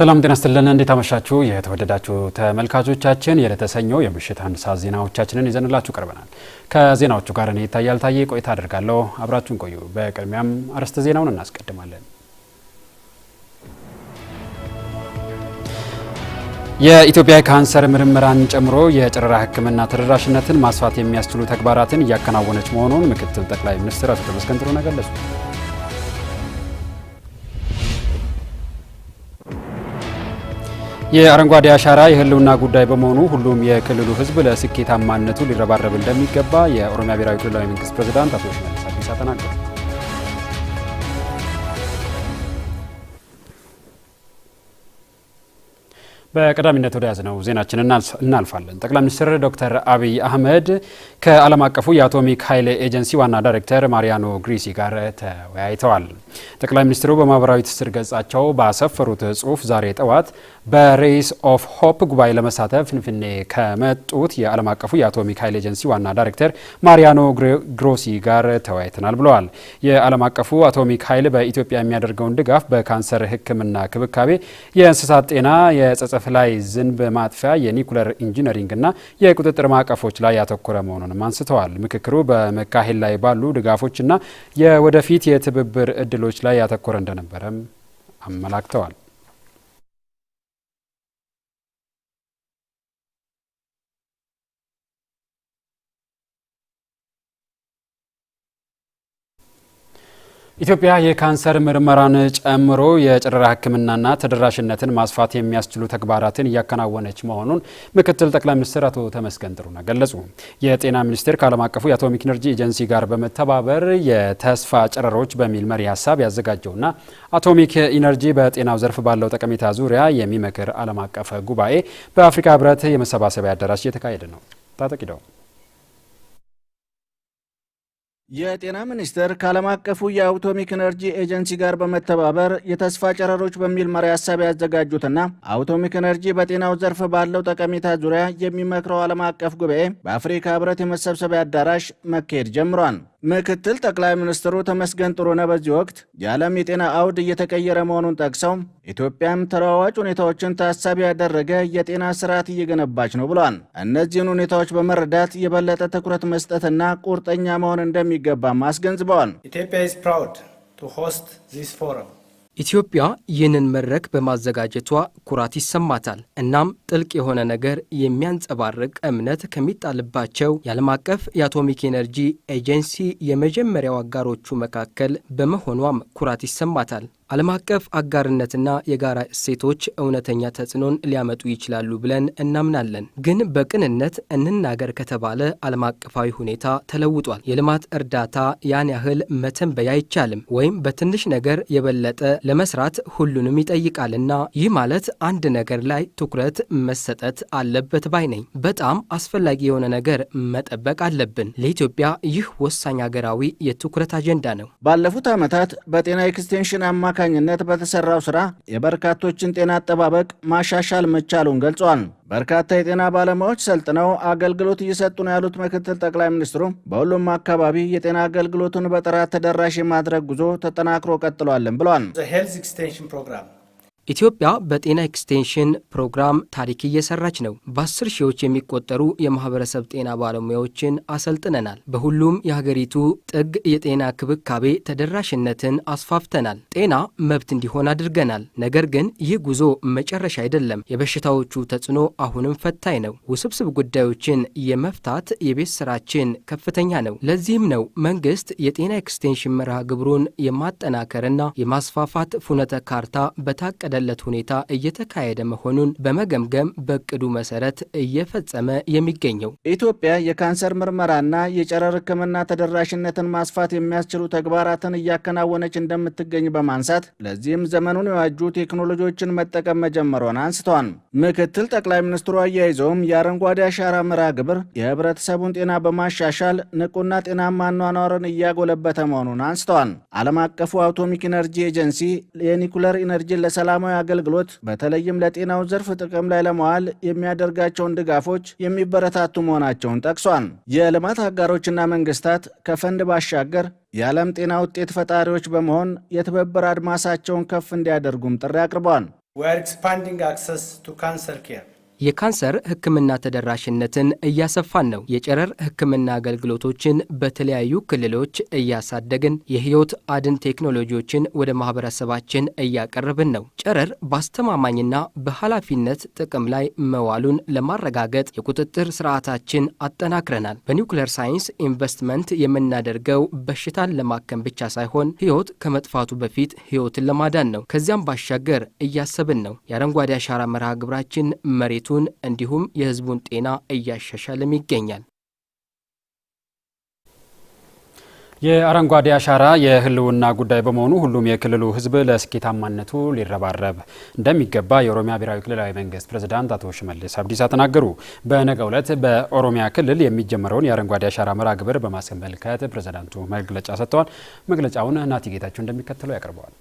ሰላም ጤና ስትልን እንዴት አመሻችሁ? የተወደዳችሁ ተመልካቾቻችን የለተሰኘው የምሽት አንድ ሰዓት ዜናዎቻችንን ይዘንላችሁ ቀርበናል። ከዜናዎቹ ጋር እኔ ይታያል ታዬ ቆይታ አድርጋለሁ። አብራችሁን ቆዩ። በቅድሚያም አርዕስተ ዜናውን እናስቀድማለን። የኢትዮጵያ ካንሰር ምርምራን ጨምሮ የጨረራ ሕክምና ተደራሽነትን ማስፋት የሚያስችሉ ተግባራትን እያከናወነች መሆኑን ምክትል ጠቅላይ ሚኒስትር አቶ ተመስገን ጥሩነህ ገለጹ። የአረንጓዴ አሻራ የህልውና ጉዳይ በመሆኑ ሁሉም የክልሉ ህዝብ ለስኬታማነቱ ሊረባረብ እንደሚገባ የኦሮሚያ ብሔራዊ ክልላዊ መንግስት ፕሬዝዳንት አቶ ሽመልስ አብዲሳ ተናገሩ። በቀዳሚነት ወደ ያዝነው ዜናችን እናልፋለን። ጠቅላይ ሚኒስትር ዶክተር አብይ አህመድ ከዓለም አቀፉ የአቶሚክ ኃይል ኤጀንሲ ዋና ዳይሬክተር ማሪያኖ ግሪሲ ጋር ተወያይተዋል። ጠቅላይ ሚኒስትሩ በማህበራዊ ትስስር ገጻቸው ባሰፈሩት ጽሁፍ ዛሬ ጠዋት በሬይስ ኦፍ ሆፕ ጉባኤ ለመሳተፍ ፍንፍኔ ከመጡት የዓለም አቀፉ የአቶሚክ ኃይል ኤጀንሲ ዋና ዳይሬክተር ማሪያኖ ግሮሲ ጋር ተወያይተናል ብለዋል። የዓለም አቀፉ አቶሚክ ኃይል በኢትዮጵያ የሚያደርገውን ድጋፍ በካንሰር ሕክምና ክብካቤ፣ የእንስሳት ጤና፣ የጸጸፍ ላይ ዝንብ ማጥፊያ፣ የኒኩለር እና የቁጥጥር ማዕቀፎች ላይ ያተኮረ መሆኑንም አንስተዋል። ምክክሩ በመካሄድ ላይ ባሉ ድጋፎችና የወደፊት የትብብር እድሎች ላይ ያተኮረ እንደነበረም አመላክተዋል። ኢትዮጵያ የካንሰር ምርመራን ጨምሮ የጨረራ ሕክምናና ተደራሽነትን ማስፋት የሚያስችሉ ተግባራትን እያከናወነች መሆኑን ምክትል ጠቅላይ ሚኒስትር አቶ ተመስገን ጥሩነህ ገለጹ። የጤና ሚኒስቴር ከዓለም አቀፉ የአቶሚክ ኤነርጂ ኤጀንሲ ጋር በመተባበር የተስፋ ጨረሮች በሚል መሪ ሀሳብ ያዘጋጀውና አቶሚክ ኢነርጂ በጤናው ዘርፍ ባለው ጠቀሜታ ዙሪያ የሚመክር ዓለም አቀፍ ጉባኤ በአፍሪካ ህብረት የመሰባሰቢያ አዳራሽ እየተካሄደ ነው። ታጠቂደው የጤና ሚኒስቴር ከዓለም አቀፉ የአውቶሚክ ኤነርጂ ኤጀንሲ ጋር በመተባበር የተስፋ ጨረሮች በሚል መሪ ሀሳብ ያዘጋጁትና አውቶሚክ ኤነርጂ በጤናው ዘርፍ ባለው ጠቀሜታ ዙሪያ የሚመክረው ዓለም አቀፍ ጉባኤ በአፍሪካ ህብረት የመሰብሰቢያ አዳራሽ መካሄድ ጀምሯል። ምክትል ጠቅላይ ሚኒስትሩ ተመስገን ጥሩነህ በዚህ ወቅት የዓለም የጤና አውድ እየተቀየረ መሆኑን ጠቅሰው ኢትዮጵያም ተለዋዋጭ ሁኔታዎችን ታሳቢ ያደረገ የጤና ስርዓት እየገነባች ነው ብሏል። እነዚህን ሁኔታዎች በመረዳት የበለጠ ትኩረት መስጠትና ቁርጠኛ መሆን እንደሚገባም አስገንዝበዋል። ኢትዮጵያ ኢዝ ፕራውድ ቱ ሆስት ዚስ ፎረም ኢትዮጵያ ይህንን መድረክ በማዘጋጀቷ ኩራት ይሰማታል። እናም ጥልቅ የሆነ ነገር የሚያንጸባርቅ እምነት ከሚጣልባቸው የዓለም አቀፍ የአቶሚክ ኤነርጂ ኤጀንሲ የመጀመሪያው አጋሮቹ መካከል በመሆኗም ኩራት ይሰማታል። ዓለም አቀፍ አጋርነትና የጋራ እሴቶች እውነተኛ ተጽዕኖን ሊያመጡ ይችላሉ ብለን እናምናለን። ግን በቅንነት እንናገር ከተባለ ዓለም አቀፋዊ ሁኔታ ተለውጧል። የልማት እርዳታ ያን ያህል መተንበይ አይቻልም፣ ወይም በትንሽ ነገር የበለጠ ለመስራት ሁሉንም ይጠይቃልና ይህ ማለት አንድ ነገር ላይ ትኩረት መሰጠት አለበት ባይ ነኝ። በጣም አስፈላጊ የሆነ ነገር መጠበቅ አለብን። ለኢትዮጵያ ይህ ወሳኝ ሀገራዊ የትኩረት አጀንዳ ነው። ባለፉት ዓመታት በጤና ኤክስቴንሽን አማካ አማካኝነት በተሰራው ስራ የበርካቶችን ጤና አጠባበቅ ማሻሻል መቻሉን ገልጿል። በርካታ የጤና ባለሙያዎች ሰልጥነው አገልግሎት እየሰጡ ነው ያሉት ምክትል ጠቅላይ ሚኒስትሩ በሁሉም አካባቢ የጤና አገልግሎቱን በጥራት ተደራሽ የማድረግ ጉዞ ተጠናክሮ ቀጥሏልን ብሏል። ኢትዮጵያ በጤና ኤክስቴንሽን ፕሮግራም ታሪክ እየሰራች ነው። በአስር ሺዎች የሚቆጠሩ የማህበረሰብ ጤና ባለሙያዎችን አሰልጥነናል። በሁሉም የሀገሪቱ ጥግ የጤና ክብካቤ ተደራሽነትን አስፋፍተናል። ጤና መብት እንዲሆን አድርገናል። ነገር ግን ይህ ጉዞ መጨረሻ አይደለም። የበሽታዎቹ ተጽዕኖ አሁንም ፈታኝ ነው። ውስብስብ ጉዳዮችን የመፍታት የቤት ስራችን ከፍተኛ ነው። ለዚህም ነው መንግስት የጤና ኤክስቴንሽን መርሃ ግብሩን የማጠናከርና የማስፋፋት ፉነተ ካርታ በታቀደ በተቀመጠለት ሁኔታ እየተካሄደ መሆኑን በመገምገም በእቅዱ መሰረት እየፈጸመ የሚገኘው ኢትዮጵያ የካንሰር ምርመራና የጨረር ሕክምና ተደራሽነትን ማስፋት የሚያስችሉ ተግባራትን እያከናወነች እንደምትገኝ በማንሳት ለዚህም ዘመኑን የዋጁ ቴክኖሎጂዎችን መጠቀም መጀመሯን አንስተዋል። ምክትል ጠቅላይ ሚኒስትሩ አያይዘውም የአረንጓዴ አሻራ መርሃ ግብር የህብረተሰቡን ጤና በማሻሻል ንቁና ጤናማ አኗኗርን እያጎለበተ መሆኑን አንስተዋል። ዓለም አቀፉ አቶሚክ ኢነርጂ ኤጀንሲ የኒኩለር ኢነርጂን ለሰላም ለሰላማዊ አገልግሎት በተለይም ለጤናው ዘርፍ ጥቅም ላይ ለመዋል የሚያደርጋቸውን ድጋፎች የሚበረታቱ መሆናቸውን ጠቅሷል። የልማት አጋሮችና መንግስታት ከፈንድ ባሻገር የዓለም ጤና ውጤት ፈጣሪዎች በመሆን የትብብር አድማሳቸውን ከፍ እንዲያደርጉም ጥሪ አቅርቧል። We are expanding access የካንሰር ሕክምና ተደራሽነትን እያሰፋን ነው። የጨረር ሕክምና አገልግሎቶችን በተለያዩ ክልሎች እያሳደግን የህይወት አድን ቴክኖሎጂዎችን ወደ ማህበረሰባችን እያቀረብን ነው። ጨረር በአስተማማኝና በኃላፊነት ጥቅም ላይ መዋሉን ለማረጋገጥ የቁጥጥር ስርዓታችን አጠናክረናል። በኒውክሌር ሳይንስ ኢንቨስትመንት የምናደርገው በሽታን ለማከም ብቻ ሳይሆን ህይወት ከመጥፋቱ በፊት ህይወትን ለማዳን ነው። ከዚያም ባሻገር እያሰብን ነው። የአረንጓዴ አሻራ መርሃ ግብራችን መሬቱ ሀገሪቱን እንዲሁም የህዝቡን ጤና እያሻሻለም ይገኛል። የአረንጓዴ አሻራ የህልውና ጉዳይ በመሆኑ ሁሉም የክልሉ ህዝብ ለስኬታማነቱ ሊረባረብ እንደሚገባ የኦሮሚያ ብሔራዊ ክልላዊ መንግስት ፕሬዚዳንት አቶ ሽመልስ አብዲሳ ተናገሩ። በነገው ዕለት በኦሮሚያ ክልል የሚጀመረውን የአረንጓዴ አሻራ መርሃ ግብር በማስመልከት ፕሬዚዳንቱ መግለጫ ሰጥተዋል። መግለጫውን ናቲ ጌታቸው እንደሚከተለው ያቀርበዋል።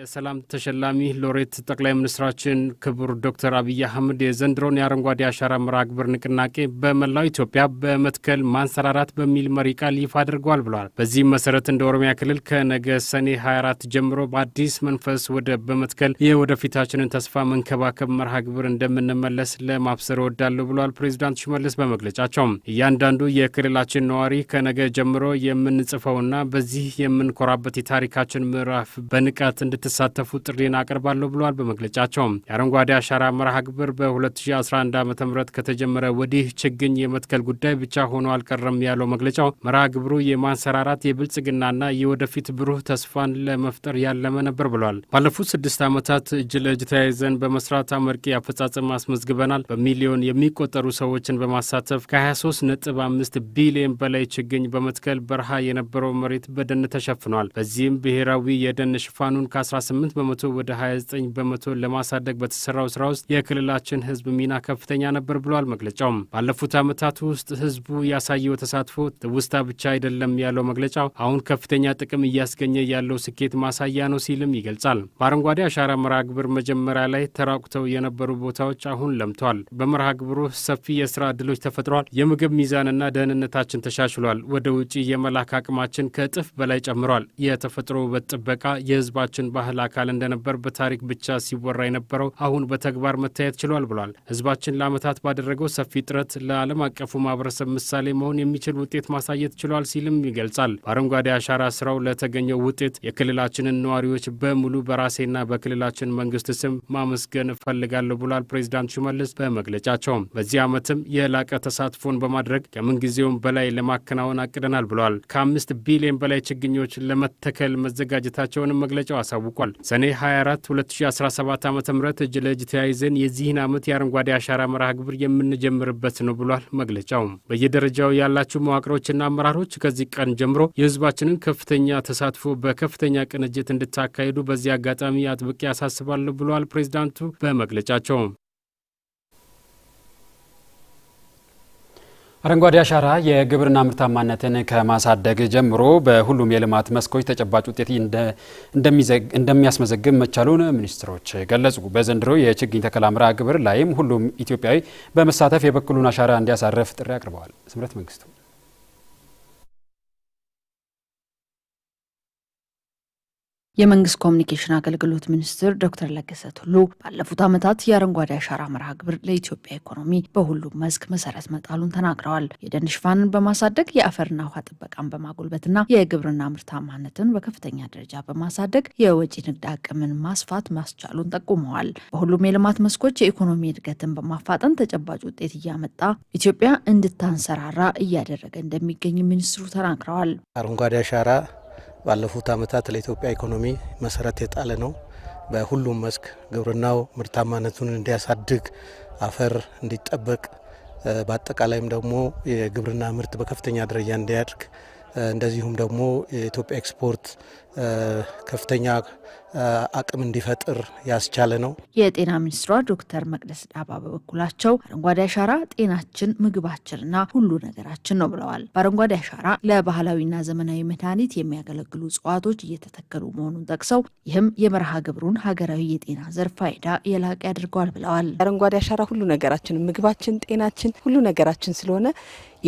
የሰላም ተሸላሚ ሎሬት ጠቅላይ ሚኒስትራችን ክቡር ዶክተር አብይ አህመድ የዘንድሮን የአረንጓዴ አሻራ መርሃ ግብር ንቅናቄ በመላው ኢትዮጵያ በመትከል ማንሰራራት በሚል መሪ ቃል ይፋ አድርገዋል ብለዋል። በዚህም መሰረት እንደ ኦሮሚያ ክልል ከነገ ሰኔ 24 ጀምሮ በአዲስ መንፈስ ወደ በመትከል የወደፊታችንን ተስፋ መንከባከብ መርሃ ግብር እንደምንመለስ ለማብሰር እወዳለሁ ብለዋል። ፕሬዚዳንት ሽመልስ በመግለጫቸው እያንዳንዱ የክልላችን ነዋሪ ከነገ ጀምሮ የምንጽፈውና በዚህ የምንኮራበት የታሪካችን ምዕራፍ በንቃት እንድ እንድትሳተፉ ጥሪን አቀርባለሁ ብለዋል። በመግለጫቸው። የአረንጓዴ አሻራ መርሃ ግብር በ2011 ዓ ም ከተጀመረ ወዲህ ችግኝ የመትከል ጉዳይ ብቻ ሆኖ አልቀረም ያለው መግለጫው መርሃ ግብሩ የማንሰራራት የብልጽግናና የወደፊት ብሩህ ተስፋን ለመፍጠር ያለመ ነበር ብለዋል። ባለፉት ስድስት ዓመታት እጅ ለእጅ ተያይዘን በመስራት አመርቂ አፈጻጸም አስመዝግበናል። በሚሊዮን የሚቆጠሩ ሰዎችን በማሳተፍ ከ 23 5 ቢሊዮን በላይ ችግኝ በመትከል በረሃ የነበረው መሬት በደን ተሸፍኗል። በዚህም ብሔራዊ የደን ሽፋኑን ከ 18 በመቶ ወደ 29 በመቶ ለማሳደግ በተሰራው ስራ ውስጥ የክልላችን ህዝብ ሚና ከፍተኛ ነበር ብሏል መግለጫውም። ባለፉት ዓመታት ውስጥ ህዝቡ ያሳየው ተሳትፎ ትውስታ ብቻ አይደለም ያለው መግለጫው አሁን ከፍተኛ ጥቅም እያስገኘ ያለው ስኬት ማሳያ ነው ሲልም ይገልጻል። በአረንጓዴ አሻራ መርሃ ግብር መጀመሪያ ላይ ተራቁተው የነበሩ ቦታዎች አሁን ለምቷል። በመርሃ ግብሩ ሰፊ የስራ እድሎች ተፈጥሯል። የምግብ ሚዛንና ደህንነታችን ተሻሽሏል። ወደ ውጭ የመላክ አቅማችን ከእጥፍ በላይ ጨምሯል። የተፈጥሮ ውበት ጥበቃ የህዝባችን ባህል አካል እንደነበር በታሪክ ብቻ ሲወራ የነበረው አሁን በተግባር መታየት ችሏል ብሏል። ህዝባችን ለዓመታት ባደረገው ሰፊ ጥረት ለዓለም አቀፉ ማህበረሰብ ምሳሌ መሆን የሚችል ውጤት ማሳየት ችሏል ሲልም ይገልጻል። በአረንጓዴ አሻራ ስራው ለተገኘው ውጤት የክልላችንን ነዋሪዎች በሙሉ በራሴና በክልላችን መንግስት ስም ማመስገን እፈልጋለሁ ብሏል። ፕሬዚዳንት ሽመልስ በመግለጫቸውም በዚህ ዓመትም የላቀ ተሳትፎን በማድረግ ከምንጊዜውም በላይ ለማከናወን አቅደናል ብሏል። ከአምስት ቢሊዮን በላይ ችግኞች ለመተከል መዘጋጀታቸውንም መግለጫው አሳውቋል። አሳውቋል። ሰኔ 24 2017 ዓ ም እጅ ለእጅ ተያይዘን የዚህን ዓመት የአረንጓዴ አሻራ መርሃ ግብር የምንጀምርበት ነው ብሏል መግለጫው በየደረጃው ያላችሁ መዋቅሮችና አመራሮች ከዚህ ቀን ጀምሮ የህዝባችንን ከፍተኛ ተሳትፎ በከፍተኛ ቅንጅት እንድታካሂዱ በዚህ አጋጣሚ አጥብቄ ያሳስባለሁ ብሏል ፕሬዚዳንቱ በመግለጫቸው። አረንጓዴ አሻራ የግብርና ምርታማነትን ከማሳደግ ጀምሮ በሁሉም የልማት መስኮች ተጨባጭ ውጤት እንደሚያስመዘግብ መቻሉን ሚኒስትሮች ገለጹ። በዘንድሮ የችግኝ ተከላ መርሃ ግብር ላይም ሁሉም ኢትዮጵያዊ በመሳተፍ የበኩሉን አሻራ እንዲያሳርፍ ጥሪ አቅርበዋል። ስምረት መንግስቱ የመንግስት ኮሚኒኬሽን አገልግሎት ሚኒስትር ዶክተር ለገሰ ቱሉ ባለፉት ዓመታት የአረንጓዴ አሻራ መርሃ ግብር ለኢትዮጵያ ኢኮኖሚ በሁሉም መስክ መሰረት መጣሉን ተናግረዋል። የደን ሽፋንን በማሳደግ የአፈርና ውሃ ጥበቃን በማጎልበትና የግብርና ምርታማነትን በከፍተኛ ደረጃ በማሳደግ የወጪ ንግድ አቅምን ማስፋት ማስቻሉን ጠቁመዋል። በሁሉም የልማት መስኮች የኢኮኖሚ እድገትን በማፋጠን ተጨባጭ ውጤት እያመጣ ኢትዮጵያ እንድታንሰራራ እያደረገ እንደሚገኝ ሚኒስትሩ ተናግረዋል። አረንጓዴ አሻራ ባለፉት ዓመታት ለኢትዮጵያ ኢኮኖሚ መሰረት የጣለ ነው። በሁሉም መስክ ግብርናው ምርታማነቱን እንዲያሳድግ፣ አፈር እንዲጠበቅ፣ በአጠቃላይም ደግሞ የግብርና ምርት በከፍተኛ ደረጃ እንዲያድግ እንደዚሁም ደግሞ የኢትዮጵያ ኤክስፖርት ከፍተኛ አቅም እንዲፈጥር ያስቻለ ነው። የጤና ሚኒስትሯ ዶክተር መቅደስ ዳባ በበኩላቸው አረንጓዴ አሻራ ጤናችን ምግባችንና ሁሉ ነገራችን ነው ብለዋል። በአረንጓዴ አሻራ ለባህላዊና ዘመናዊ መድኃኒት የሚያገለግሉ እጽዋቶች እየተተከሉ መሆኑን ጠቅሰው ይህም የመርሃ ግብሩን ሀገራዊ የጤና ዘርፍ ፋይዳ የላቀ ያድርገዋል ብለዋል። አረንጓዴ አሻራ ሁሉ ነገራችን፣ ምግባችን፣ ጤናችን፣ ሁሉ ነገራችን ስለሆነ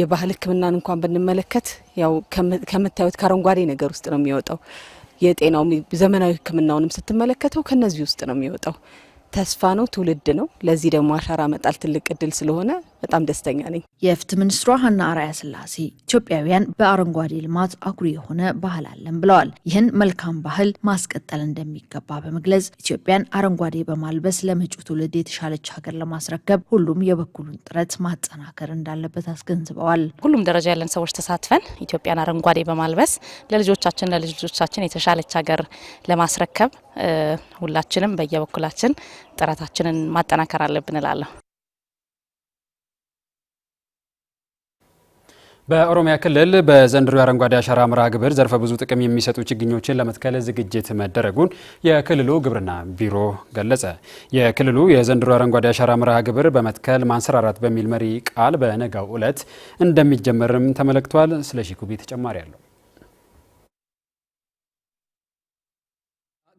የባህል ሕክምናን እንኳን ብንመለከት ያው ከምታዩት ከአረንጓዴ ነገር ውስጥ ነው የሚወጣው የጤናው ዘመናዊ ሕክምናውንም ስትመለከተው ከነዚህ ውስጥ ነው የሚወጣው። ተስፋ ነው፣ ትውልድ ነው። ለዚህ ደግሞ አሻራ መጣል ትልቅ እድል ስለሆነ በጣም ደስተኛ ነኝ። የፍትህ ሚኒስትሯ ሀና አርአያ ስላሴ ኢትዮጵያውያን በአረንጓዴ ልማት አኩሪ የሆነ ባህል አለን ብለዋል። ይህን መልካም ባህል ማስቀጠል እንደሚገባ በመግለጽ ኢትዮጵያን አረንጓዴ በማልበስ ለመጪው ትውልድ የተሻለች ሀገር ለማስረከብ ሁሉም የበኩሉን ጥረት ማጠናከር እንዳለበት አስገንዝበዋል። ሁሉም ደረጃ ያለን ሰዎች ተሳትፈን ኢትዮጵያን አረንጓዴ በማልበስ ለልጆቻችን ለልጅ ልጆቻችን የተሻለች ሀገር ለማስረከብ ሁላችንም በየበኩላችን ጥረታችንን ማጠናከር አለብን እላለሁ። በኦሮሚያ ክልል በዘንድሮ የአረንጓዴ አሻራ መርሃ ግብር ዘርፈ ብዙ ጥቅም የሚሰጡ ችግኞችን ለመትከል ዝግጅት መደረጉን የክልሉ ግብርና ቢሮ ገለጸ። የክልሉ የዘንድሮ አረንጓዴ አሻራ መርሃ ግብር በመትከል ማንሰራራት በሚል መሪ ቃል በነጋው ዕለት እንደሚጀመርም ተመለክቷል። ስለሺ ኩቢ ተጨማሪ አለው።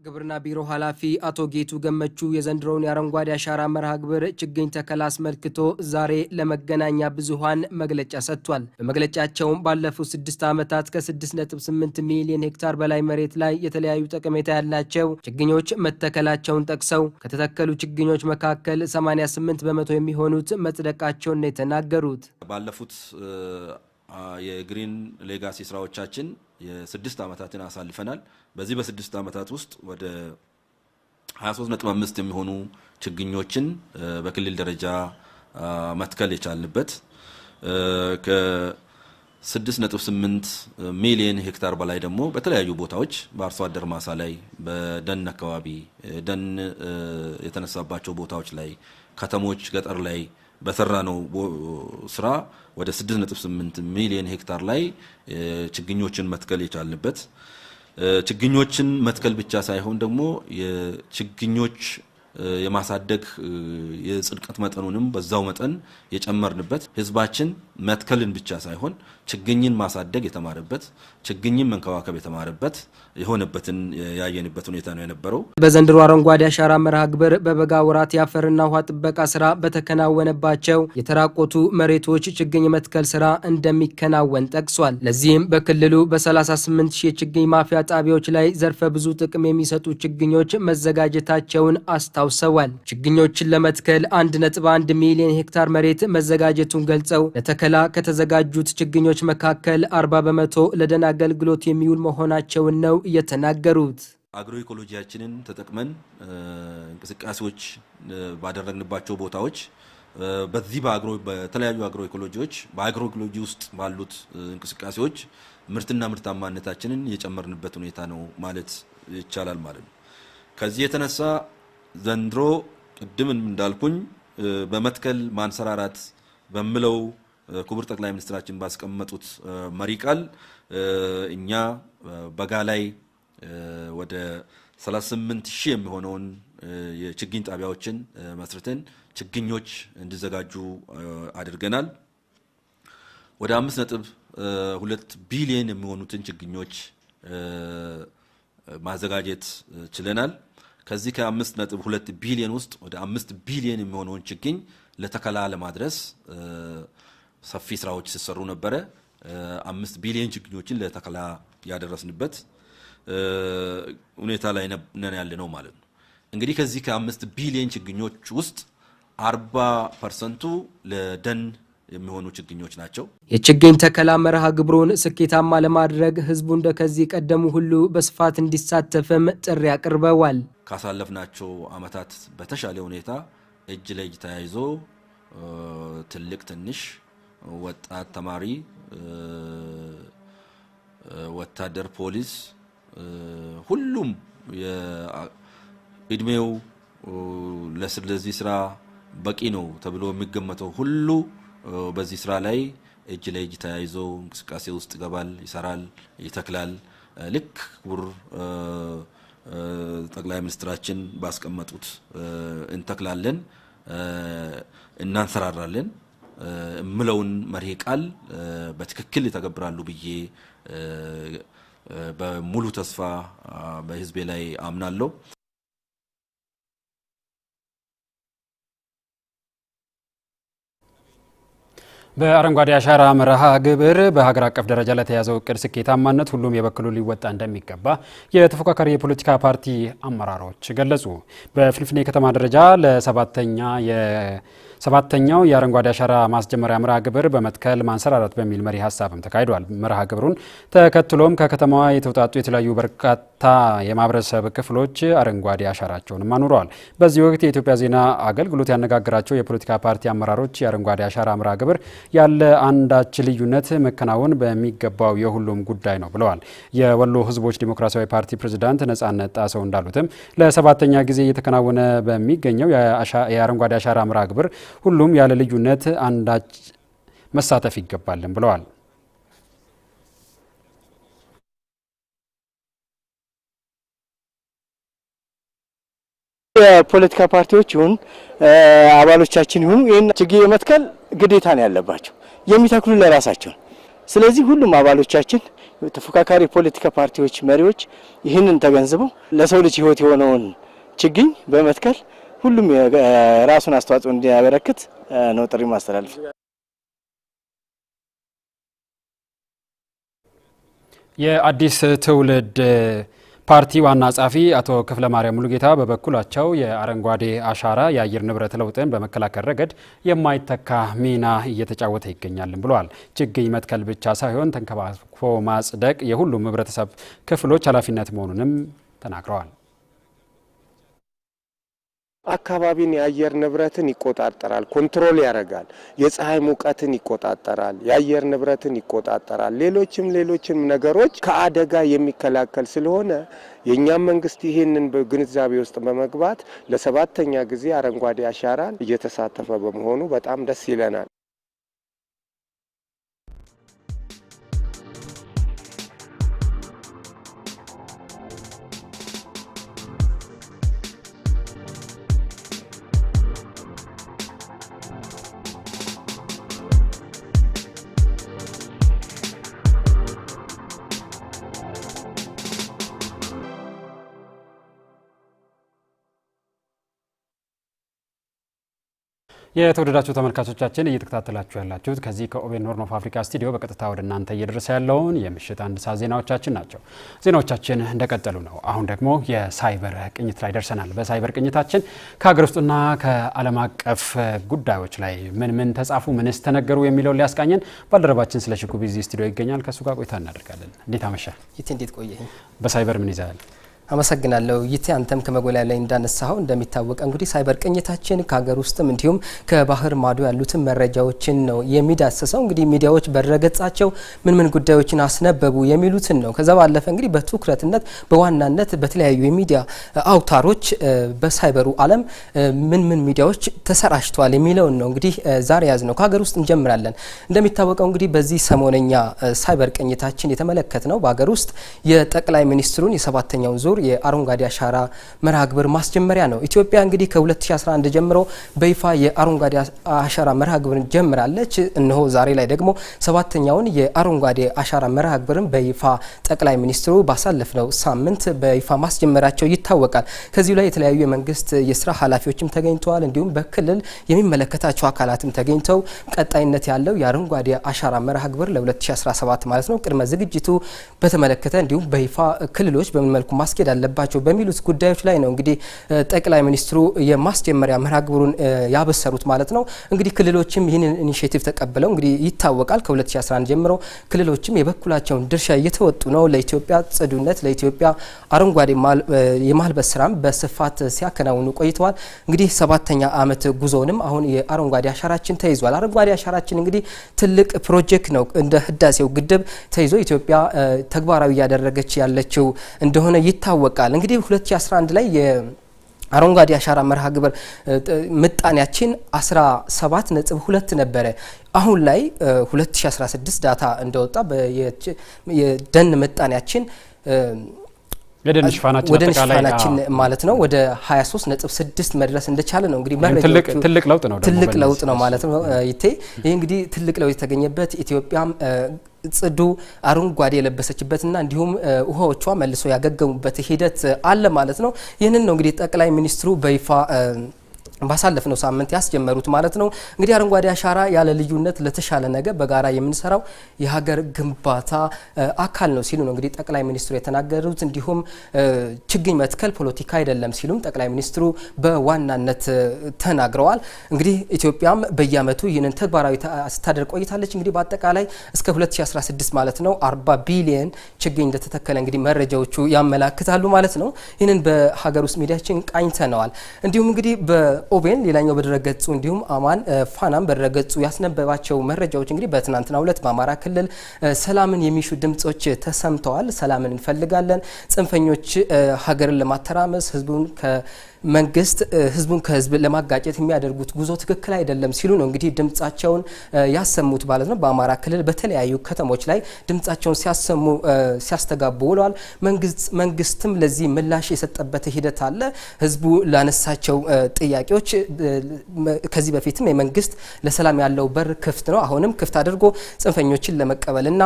ግብርና ቢሮ ኃላፊ አቶ ጌቱ ገመቹ የዘንድሮውን የአረንጓዴ አሻራ መርሃ ግብር ችግኝ ተከላ አስመልክቶ ዛሬ ለመገናኛ ብዙኃን መግለጫ ሰጥቷል። በመግለጫቸውም ባለፉት ስድስት ዓመታት ከ6.8 ሚሊዮን ሄክታር በላይ መሬት ላይ የተለያዩ ጠቀሜታ ያላቸው ችግኞች መተከላቸውን ጠቅሰው ከተተከሉ ችግኞች መካከል 88 በመቶ የሚሆኑት መጽደቃቸውን ነው የተናገሩት። ባለፉት የግሪን ሌጋሲ ስራዎቻችን የስድስት ዓመታትን አሳልፈናል። በዚህ በስድስት ዓመታት ውስጥ ወደ 23.5 የሚሆኑ ችግኞችን በክልል ደረጃ መትከል የቻልንበት ከ6.8 ሚሊዮን ሄክታር በላይ ደግሞ በተለያዩ ቦታዎች በአርሶ አደር ማሳ ላይ በደን አካባቢ ደን የተነሳባቸው ቦታዎች ላይ ከተሞች ገጠር ላይ በሰራነው ስራ ወደ 6.8 ሚሊዮን ሄክታር ላይ ችግኞችን መትከል የቻልንበት ችግኞችን መትከል ብቻ ሳይሆን ደግሞ የችግኞች የማሳደግ የጽድቀት መጠኑንም በዛው መጠን የጨመርንበት ህዝባችን መትከልን ብቻ ሳይሆን ችግኝን ማሳደግ የተማረበት ችግኝን መንከባከብ የተማረበት የሆነበትን ያየንበት ሁኔታ ነው የነበረው። በዘንድሮ አረንጓዴ አሻራ መርሃ ግብር በበጋ ወራት የአፈርና ውሃ ጥበቃ ስራ በተከናወነባቸው የተራቆቱ መሬቶች ችግኝ መትከል ስራ እንደሚከናወን ጠቅሷል። ለዚህም በክልሉ በ38 ሺህ የችግኝ ማፍያ ጣቢያዎች ላይ ዘርፈ ብዙ ጥቅም የሚሰጡ ችግኞች መዘጋጀታቸውን አስታውሰዋል። ችግኞችን ለመትከል 1.1 ሚሊዮን ሄክታር መሬት መዘጋጀቱን ገልጸው ለተከላ ከተዘጋጁት ችግኞች መካከል 40 በመቶ ለደን አገልግሎት የሚውል መሆናቸውን ነው የተናገሩት። አግሮ ኢኮሎጂያችንን ተጠቅመን እንቅስቃሴዎች ባደረግንባቸው ቦታዎች በዚህ በአግሮ በተለያዩ አግሮ ኢኮሎጂዎች በአግሮ ኢኮሎጂ ውስጥ ባሉት እንቅስቃሴዎች ምርትና ምርታማነታችንን የጨመርንበት ሁኔታ ነው ማለት ይቻላል ማለት ነው። ከዚህ የተነሳ ዘንድሮ ቅድም እንዳልኩኝ በመትከል ማንሰራራት በምለው ክቡር ጠቅላይ ሚኒስትራችን ባስቀመጡት መሪ ቃል እኛ በጋ ላይ ወደ 38 ሺህ የሚሆነውን የችግኝ ጣቢያዎችን መስርተን ችግኞች እንዲዘጋጁ አድርገናል። ወደ 5.2 ነጥብ ቢሊየን የሚሆኑትን ችግኞች ማዘጋጀት ችለናል። ከዚህ ከ5.2 ቢሊየን ቢሊዮን ውስጥ ወደ 5 ቢሊየን የሚሆነውን ችግኝ ለተከላ ለማድረስ ሰፊ ስራዎች ሲሰሩ ነበረ። አምስት ቢሊዮን ችግኞችን ለተከላ ያደረስንበት ሁኔታ ላይ ነን ያለ ነው ማለት ነው። እንግዲህ ከዚህ ከአምስት ቢሊዮን ችግኞች ውስጥ አርባ ፐርሰንቱ ለደን የሚሆኑ ችግኞች ናቸው። የችግኝ ተከላ መርሃ ግብሩን ስኬታማ ለማድረግ ህዝቡ እንደ ከዚህ ቀደሙ ሁሉ በስፋት እንዲሳተፍም ጥሪ አቅርበዋል። ካሳለፍናቸው ዓመታት በተሻለ ሁኔታ እጅ ለእጅ ተያይዞ ትልቅ ትንሽ ወጣት ተማሪ፣ ወታደር፣ ፖሊስ ሁሉም እድሜው ለዚህ ስራ በቂ ነው ተብሎ የሚገመተው ሁሉ በዚህ ስራ ላይ እጅ ለእጅ ተያይዞ እንቅስቃሴ ውስጥ ይገባል፣ ይሰራል፣ ይተክላል። ልክ ክቡር ጠቅላይ ሚኒስትራችን ባስቀመጡት እንተክላለን፣ እናንሰራራለን። የምለውን መሪ ቃል በትክክል ይተገብራሉ ብዬ በሙሉ ተስፋ በህዝቤ ላይ አምናለሁ። በአረንጓዴ አሻራ መርሃ ግብር በሀገር አቀፍ ደረጃ ለተያዘው እቅድ ስኬታማነት ሁሉም የበክሉ ሊወጣ እንደሚገባ የተፎካካሪ የፖለቲካ ፓርቲ አመራሮች ገለጹ። በፍንፍኔ ከተማ ደረጃ ለሰባተኛ ሰባተኛው የአረንጓዴ አሻራ ማስጀመሪያ መርሃ ግብር በመትከል ማንሰራራት በሚል መሪ ሀሳብም ተካሂዷል። መርሃ ግብሩን ተከትሎም ከከተማዋ የተውጣጡ የተለያዩ በርካታ የማህበረሰብ ክፍሎች አረንጓዴ አሻራቸውንም አኑረዋል። በዚህ ወቅት የኢትዮጵያ ዜና አገልግሎት ያነጋገራቸው የፖለቲካ ፓርቲ አመራሮች የአረንጓዴ አሻራ መርሃ ግብር ያለ አንዳች ልዩነት መከናወን በሚገባው የሁሉም ጉዳይ ነው ብለዋል። የወሎ ህዝቦች ዲሞክራሲያዊ ፓርቲ ፕሬዚዳንት ነጻነት ጣሰው እንዳሉትም ለሰባተኛ ጊዜ እየተከናወነ በሚገኘው የአረንጓዴ አሻራ መርሃ ግብር ሁሉም ያለ ልዩነት አንዳች መሳተፍ ይገባልን ብለዋል። የፖለቲካ ፓርቲዎች ይሁን አባሎቻችን ይሁኑ ይህን ችግኝ የመትከል ግዴታ ነው ያለባቸው። የሚተክሉ ለራሳቸው ነው። ስለዚህ ሁሉም አባሎቻችን ተፎካካሪ የፖለቲካ ፓርቲዎች መሪዎች ይህንን ተገንዝበው ለሰው ልጅ ሕይወት የሆነውን ችግኝ በመትከል ሁሉም የራሱን አስተዋጽኦ እንዲያበረክት ነው ጥሪ ማስተላለፍ። የአዲስ ትውልድ ፓርቲ ዋና ጸሐፊ አቶ ክፍለ ማርያም ሙሉጌታ በበኩላቸው የአረንጓዴ አሻራ የአየር ንብረት ለውጥን በመከላከል ረገድ የማይተካ ሚና እየተጫወተ ይገኛልን ብለዋል። ችግኝ መትከል ብቻ ሳይሆን ተንከባክቦ ማጽደቅ የሁሉም ህብረተሰብ ክፍሎች ኃላፊነት መሆኑንም ተናግረዋል። አካባቢን የአየር ንብረትን ይቆጣጠራል፣ ኮንትሮል ያደርጋል። የፀሐይ ሙቀትን ይቆጣጠራል፣ የአየር ንብረትን ይቆጣጠራል። ሌሎችም ሌሎችም ነገሮች ከአደጋ የሚከላከል ስለሆነ የእኛም መንግስት ይህንን ግንዛቤ ውስጥ በመግባት ለሰባተኛ ጊዜ አረንጓዴ አሻራን እየተሳተፈ በመሆኑ በጣም ደስ ይለናል። የተወደዳችሁ ተመልካቾቻችን እየተከታተላችሁ ያላችሁት ከዚህ ከኦቤን ሆርን ኦፍ አፍሪካ ስቱዲዮ በቀጥታ ወደ እናንተ እየደረሰ ያለውን የምሽት አንድ ሰዓት ዜናዎቻችን ናቸው። ዜናዎቻችን እንደቀጠሉ ነው። አሁን ደግሞ የሳይበር ቅኝት ላይ ደርሰናል። በሳይበር ቅኝታችን ከሀገር ውስጥና ከዓለም አቀፍ ጉዳዮች ላይ ምን ምን ተጻፉ፣ ምንስ ተነገሩ የሚለውን ሊያስቃኘን ባልደረባችን ስለሺ ኩቢ እዚህ ስቱዲዮ ይገኛል። ከእሱ ጋር ቆይታ እናደርጋለን። እንዴት አመሻ? ይት እንዴት ቆየ? በሳይበር ምን ይዛል? አመሰግናለሁ ይቲ አንተም ከመጎላያ ላይ እንዳነሳኸው እንደሚታወቀ እንግዲህ ሳይበር ቅኝታችን ከሀገር ውስጥም እንዲሁም ከባህር ማዶ ያሉትን መረጃዎችን ነው የሚዳስሰው። እንግዲህ ሚዲያዎች በድረገጻቸው ምን ምን ጉዳዮችን አስነበቡ የሚሉትን ነው። ከዛ ባለፈ እንግዲህ በትኩረትነት በዋናነት በተለያዩ የሚዲያ አውታሮች በሳይበሩ ዓለም ምን ምን ሚዲያዎች ተሰራጭተዋል የሚለውን ነው እንግዲህ ዛሬ ያዝ ነው። ከሀገር ውስጥ እንጀምራለን። እንደሚታወቀው እንግዲህ በዚህ ሰሞነኛ ሳይበር ቅኝታችን የተመለከት ነው በሀገር ውስጥ የጠቅላይ ሚኒስትሩን የሰባተኛውን ዙር ዙር የአረንጓዴ አሻራ መርሃ ግብር ማስጀመሪያ ነው። ኢትዮጵያ እንግዲህ ከ2011 ጀምሮ በይፋ የአረንጓዴ አሻራ መርሃ ግብርን ጀምራለች። እነሆ ዛሬ ላይ ደግሞ ሰባተኛውን የአረንጓዴ አሻራ መርሃ ግብርን በይፋ ጠቅላይ ሚኒስትሩ ባሳለፍነው ሳምንት በይፋ ማስጀመሪያቸው ይታወቃል። ከዚሁ ላይ የተለያዩ የመንግስት የስራ ኃላፊዎችም ተገኝተዋል። እንዲሁም በክልል የሚመለከታቸው አካላትም ተገኝተው ቀጣይነት ያለው የአረንጓዴ አሻራ መርሃ ግብር ለ2017 ማለት ነው ቅድመ ዝግጅቱ በተመለከተ እንዲሁም በይፋ ክልሎች በምን መልኩ ማስኬድ መወሰድ አለባቸው በሚሉት ጉዳዮች ላይ ነው እንግዲህ ጠቅላይ ሚኒስትሩ የማስጀመሪያ መርሃ ግብሩን ያበሰሩት ማለት ነው። እንግዲህ ክልሎችም ይህንን ኢኒሽቲቭ ተቀብለው እንግዲህ ይታወቃል ከ2011 ጀምሮ ክልሎችም የበኩላቸውን ድርሻ እየተወጡ ነው። ለኢትዮጵያ ጽዱነት፣ ለኢትዮጵያ አረንጓዴ የማልበስ ስራም በስፋት ሲያከናውኑ ቆይተዋል። እንግዲህ ሰባተኛ ዓመት ጉዞውንም አሁን የአረንጓዴ አሻራችን ተይዟል። አረንጓዴ አሻራችን እንግዲህ ትልቅ ፕሮጀክት ነው። እንደ ህዳሴው ግድብ ተይዞ ኢትዮጵያ ተግባራዊ እያደረገች ያለችው እንደሆነ ይታወቃል። ይታወቃል። እንግዲህ 2011 ላይ የአረንጓዴ አሻራ መርሃ ግብር ምጣኔያችን 17 ነጥብ 2 ነበረ። አሁን ላይ 2016 ዳታ እንደወጣ የደን ምጣኔያችን የደን ሽፋናችን ማለት ነው ወደ 23 ነጥብ 6 መድረስ እንደቻለ ነው። እንግዲህ ትልቅ ለውጥ ነው ማለት ነው። ይቴ ይህ እንግዲህ ትልቅ ለውጥ የተገኘበት ኢትዮጵያም ጽዱ አረንጓዴ የለበሰችበትና እንዲሁም ውሃዎቿ መልሶ ያገገሙበት ሂደት አለ ማለት ነው። ይህንን ነው እንግዲህ ጠቅላይ ሚኒስትሩ በይፋ ባሳለፍነው ሳምንት ያስጀመሩት ማለት ነው። እንግዲህ አረንጓዴ አሻራ ያለ ልዩነት ለተሻለ ነገ በጋራ የምንሰራው የሀገር ግንባታ አካል ነው ሲሉ ነው እንግዲህ ጠቅላይ ሚኒስትሩ የተናገሩት። እንዲሁም ችግኝ መትከል ፖለቲካ አይደለም ሲሉም ጠቅላይ ሚኒስትሩ በዋናነት ተናግረዋል። እንግዲህ ኢትዮጵያም በየዓመቱ ይህንን ተግባራዊ ስታደርግ ቆይታለች። እንግዲህ በአጠቃላይ እስከ 2016 ማለት ነው 40 ቢሊየን ችግኝ እንደተተከለ እንግዲህ መረጃዎቹ ያመላክታሉ ማለት ነው። ይህንን በሀገር ውስጥ ሚዲያችን ቃኝተነዋል። እንዲሁም እንግዲህ ኦቬን ሌላኛው በድረገጹ እንዲሁም አማን ፋናም በድረገጹ ያስነበባቸው መረጃዎች እንግዲህ በትናንትናው ዕለት በአማራ ክልል ሰላምን የሚሹ ድምጾች ተሰምተዋል። ሰላምን እንፈልጋለን፣ ጽንፈኞች ሀገርን ለማተራመስ ህዝቡን መንግስት ህዝቡን ከህዝብ ለማጋጨት የሚያደርጉት ጉዞ ትክክል አይደለም ሲሉ ነው እንግዲህ ድምጻቸውን ያሰሙት ማለት ነው። በአማራ ክልል በተለያዩ ከተሞች ላይ ድምጻቸውን ሲያሰሙ ሲያስተጋቡ ውለዋል። መንግስትም ለዚህ ምላሽ የሰጠበት ሂደት አለ። ህዝቡ ላነሳቸው ጥያቄዎች ከዚህ በፊትም የመንግስት ለሰላም ያለው በር ክፍት ነው፣ አሁንም ክፍት አድርጎ ጽንፈኞችን ለመቀበልና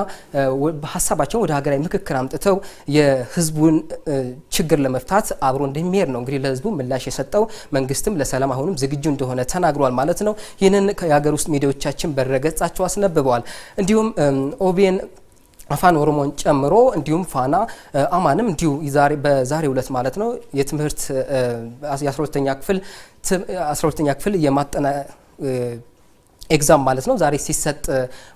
ሀሳባቸውን ወደ ሀገራዊ ምክክር አምጥተው የህዝቡን ችግር ለመፍታት አብሮ እንደሚሄድ ነው እንግዲህ ለህዝቡ ምላሽ የሰጠው መንግስትም ለሰላም አሁንም ዝግጁ እንደሆነ ተናግሯል ማለት ነው። ይህንን የሀገር ውስጥ ሚዲያዎቻችን በረገጻቸው አስነብበዋል። እንዲሁም ኦቤን አፋን ኦሮሞን ጨምሮ እንዲሁም ፋና አማንም እንዲሁ በዛሬው ዕለት ማለት ነው የትምህርት የ12ኛ ክፍል 12ኛ ክፍል የማጠና ኤግዛም ማለት ነው ዛሬ ሲሰጥ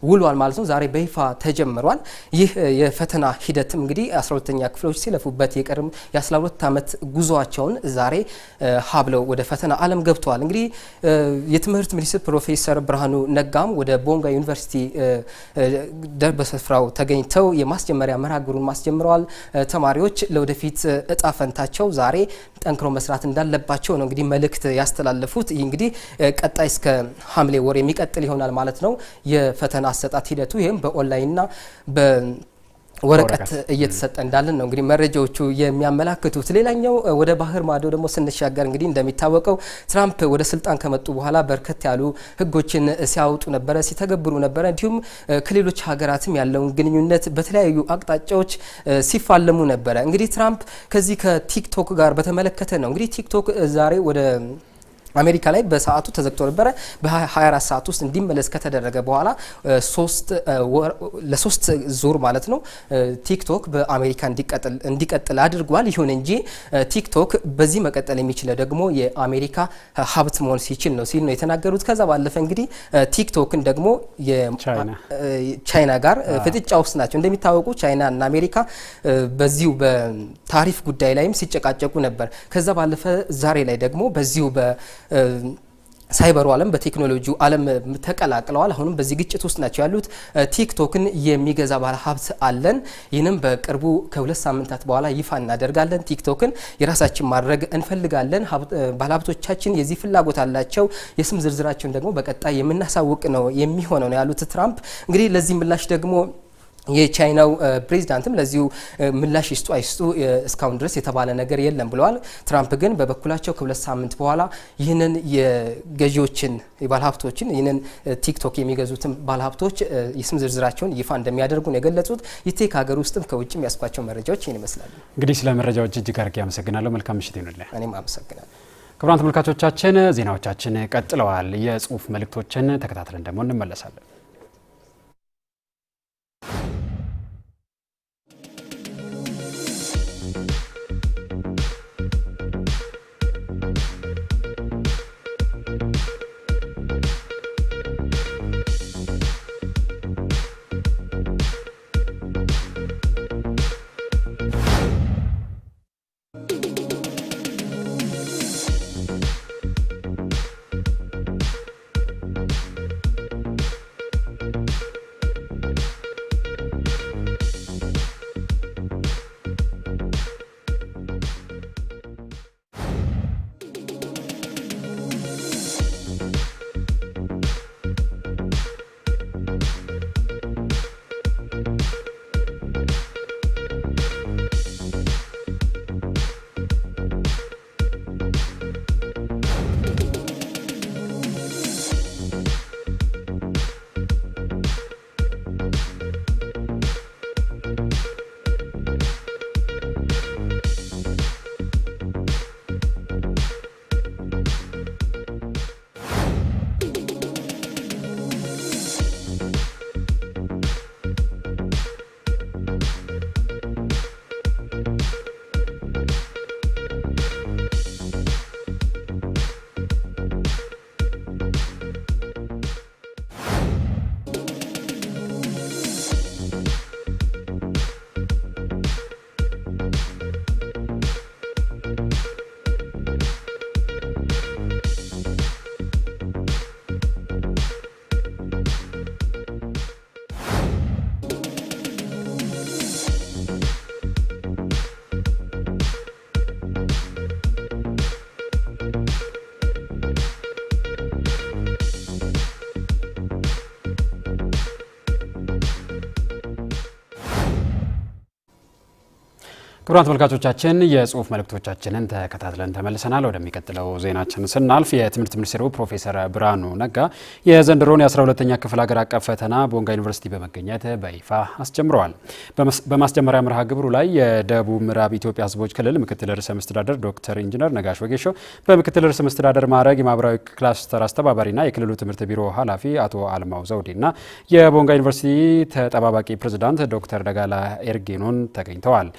ውሏል ማለት ነው። ዛሬ በይፋ ተጀምሯል። ይህ የፈተና ሂደትም እንግዲህ 12ተኛ ክፍሎች ሲለፉበት የቀርም የ12 ዓመት ጉዟቸውን ዛሬ ሀብለው ወደ ፈተና ዓለም ገብተዋል። እንግዲህ የትምህርት ሚኒስትር ፕሮፌሰር ብርሃኑ ነጋም ወደ ቦንጋ ዩኒቨርሲቲ በስፍራው ተገኝተው የማስጀመሪያ መርሃ ማስጀምረዋል። ተማሪዎች ለወደፊት እጣ ፈንታቸው ዛሬ ጠንክሮ መስራት እንዳለባቸው ነው እንግዲህ መልእክት ያስተላለፉት። ይህ እንግዲህ ቀጣይ እስከ ሐምሌ ወር የሚቀ የሚቀጥል ይሆናል ማለት ነው የፈተና አሰጣት ሂደቱ ይህም በኦንላይንና በ ወረቀት እየተሰጠ እንዳለን ነው እንግዲህ መረጃዎቹ የሚያመላክቱት። ሌላኛው ወደ ባህር ማዶ ደግሞ ስንሻገር እንግዲህ እንደሚታወቀው ትራምፕ ወደ ስልጣን ከመጡ በኋላ በርከት ያሉ ሕጎችን ሲያወጡ ነበረ፣ ሲተገብሩ ነበረ። እንዲሁም ከሌሎች ሀገራትም ያለውን ግንኙነት በተለያዩ አቅጣጫዎች ሲፋለሙ ነበረ። እንግዲህ ትራምፕ ከዚህ ከቲክቶክ ጋር በተመለከተ ነው እንግዲህ ቲክቶክ ዛሬ ወደ አሜሪካ ላይ በሰዓቱ ተዘግቶ ነበረ። በ24 ሰዓት ውስጥ እንዲመለስ ከተደረገ በኋላ ለሶስት ዙር ማለት ነው ቲክቶክ በአሜሪካ እንዲቀጥል አድርጓል። ይሁን እንጂ ቲክቶክ በዚህ መቀጠል የሚችለው ደግሞ የአሜሪካ ሀብት መሆን ሲችል ነው ሲል ነው የተናገሩት። ከዛ ባለፈ እንግዲህ ቲክቶክን ደግሞ ቻይና ጋር ፍጥጫ ውስጥ ናቸው። እንደሚታወቁ ቻይና እና አሜሪካ በዚሁ በታሪፍ ጉዳይ ላይም ሲጨቃጨቁ ነበር። ከዛ ባለፈ ዛሬ ላይ ደግሞ በዚሁ ሳይበሩ ዓለም በቴክኖሎጂው ዓለም ተቀላቅለዋል። አሁንም በዚህ ግጭት ውስጥ ናቸው ያሉት። ቲክቶክን የሚገዛ ባለ ሀብት አለን። ይህንም በቅርቡ ከሁለት ሳምንታት በኋላ ይፋ እናደርጋለን። ቲክቶክን የራሳችን ማድረግ እንፈልጋለን። ባለሀብቶቻችን የዚህ ፍላጎት አላቸው። የስም ዝርዝራቸውን ደግሞ በቀጣይ የምናሳውቅ ነው የሚሆነው ነው ያሉት ትራምፕ። እንግዲህ ለዚህ ምላሽ ደግሞ የቻይናው ፕሬዚዳንትም ለዚሁ ምላሽ ይስጡ አይስጡ እስካሁን ድረስ የተባለ ነገር የለም ብለዋል። ትራምፕ ግን በበኩላቸው ከሁለት ሳምንት በኋላ ይህንን የገዢዎችን ባለሀብቶችን ይህንን ቲክቶክ የሚገዙትን ባለሀብቶች የስም ዝርዝራቸውን ይፋ እንደሚያደርጉ ነው የገለጹት። ይቴ ከሀገር ውስጥም ከውጭ የሚያስኳቸው መረጃዎች ይህን ይመስላሉ። እንግዲህ ስለ መረጃዎች እጅግ አድርጌ አመሰግናለሁ። መልካም ምሽት ይሁንልህ። እኔም አመሰግናለሁ። ክቡራን ተመልካቾቻችን ዜናዎቻችን ቀጥለዋል። የጽሁፍ መልእክቶችን ተከታትለን ደግሞ እንመለሳለን። ክቡራን ተመልካቾቻችን የጽሁፍ መልእክቶቻችንን ተከታትለን ተመልሰናል። ወደሚቀጥለው ዜናችን ስናልፍ የትምህርት ሚኒስትሩ ፕሮፌሰር ብርሃኑ ነጋ የዘንድሮን የ12ተኛ ክፍል ሀገር አቀፍ ፈተና ቦንጋ ዩኒቨርሲቲ በመገኘት በይፋ አስጀምረዋል። በማስጀመሪያ መርሃ ግብሩ ላይ የደቡብ ምዕራብ ኢትዮጵያ ህዝቦች ክልል ምክትል ርዕሰ መስተዳደር ዶክተር ኢንጂነር ነጋሽ ወጌሾ በምክትል ርዕሰ መስተዳደር ማዕረግ የማህበራዊ ክላስተር አስተባባሪና የክልሉ ትምህርት ቢሮ ኃላፊ አቶ አልማው ዘውዴና የቦንጋ ዩኒቨርሲቲ ተጠባባቂ ፕሬዚዳንት ዶክተር ደጋላ ኤርጌኖን ተገኝተዋል።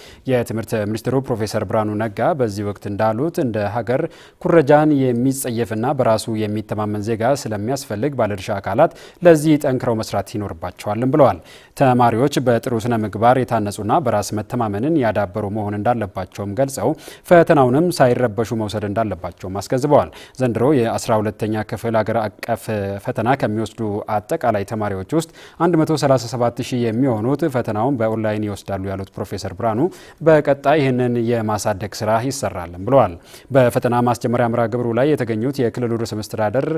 የትምህርት ሚኒስትሩ ፕሮፌሰር ብርሃኑ ነጋ በዚህ ወቅት እንዳሉት እንደ ሀገር ኩረጃን የሚጸየፍና በራሱ የሚተማመን ዜጋ ስለሚያስፈልግ ባለድርሻ አካላት ለዚህ ጠንክረው መስራት ይኖርባቸዋልም ብለዋል። ተማሪዎች በጥሩ ስነ ምግባር የታነጹና በራስ መተማመንን ያዳበሩ መሆን እንዳለባቸውም ገልጸው ፈተናውንም ሳይረበሹ መውሰድ እንዳለባቸውም አስገንዝበዋል። ዘንድሮ የ12ተኛ ክፍል ሀገር አቀፍ ፈተና ከሚወስዱ አጠቃላይ ተማሪዎች ውስጥ 137 ሺህ የሚሆኑት ፈተናውን በኦንላይን ይወስዳሉ ያሉት ፕሮፌሰር ብርሃኑ በቀጣይ ይህንን የማሳደግ ስራ ይሰራልም ብለዋል። በፈተና ማስጀመሪያ ምራ ግብሩ ላይ የተገኙት የክልሉ ርዕሰ መስተዳደር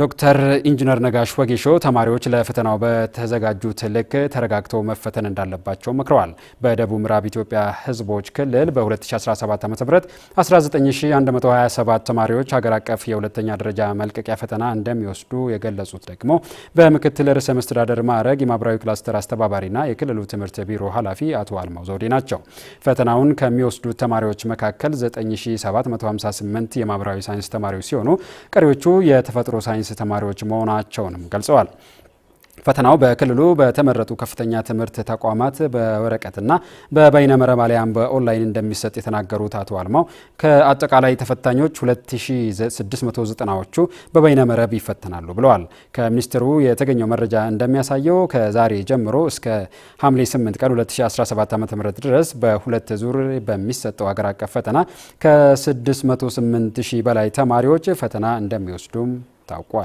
ዶክተር ኢንጂነር ነጋሽ ወጌሾ ተማሪዎች ለፈተናው በተዘጋጁት ልክ ተረጋግተው መፈተን እንዳለባቸው መክረዋል። በደቡብ ምዕራብ ኢትዮጵያ ሕዝቦች ክልል በ2017 ም 19127 ተማሪዎች ሀገር አቀፍ የሁለተኛ ደረጃ መልቀቂያ ፈተና እንደሚወስዱ የገለጹት ደግሞ በምክትል ርዕሰ መስተዳደር ማዕረግ የማህበራዊ ክላስተር አስተባባሪና የክልሉ ትምህርት ቢሮ ኃላፊ አቶ አልማው ዘውዴ ናቸው። ፈተናውን ከሚወስዱት ተማሪዎች መካከል 9758 የማህበራዊ ሳይንስ ተማሪዎች ሲሆኑ ቀሪዎቹ የተፈጥሮ ሳይንስ ሳይንስ ተማሪዎች መሆናቸውንም ገልጸዋል። ፈተናው በክልሉ በተመረጡ ከፍተኛ ትምህርት ተቋማት በወረቀትና በበይነ መረብ አሊያም በኦንላይን እንደሚሰጥ የተናገሩት አቶ አልማው ከአጠቃላይ ተፈታኞች 2690ዎቹ በበይነ መረብ ይፈተናሉ ብለዋል። ከሚኒስትሩ የተገኘው መረጃ እንደሚያሳየው ከዛሬ ጀምሮ እስከ ሐምሌ 8 ቀን 2017 ዓ.ም ድረስ በሁለት ዙር በሚሰጠው አገር አቀፍ ፈተና ከ608 ሺህ በላይ ተማሪዎች ፈተና እንደሚወስዱም 大，不，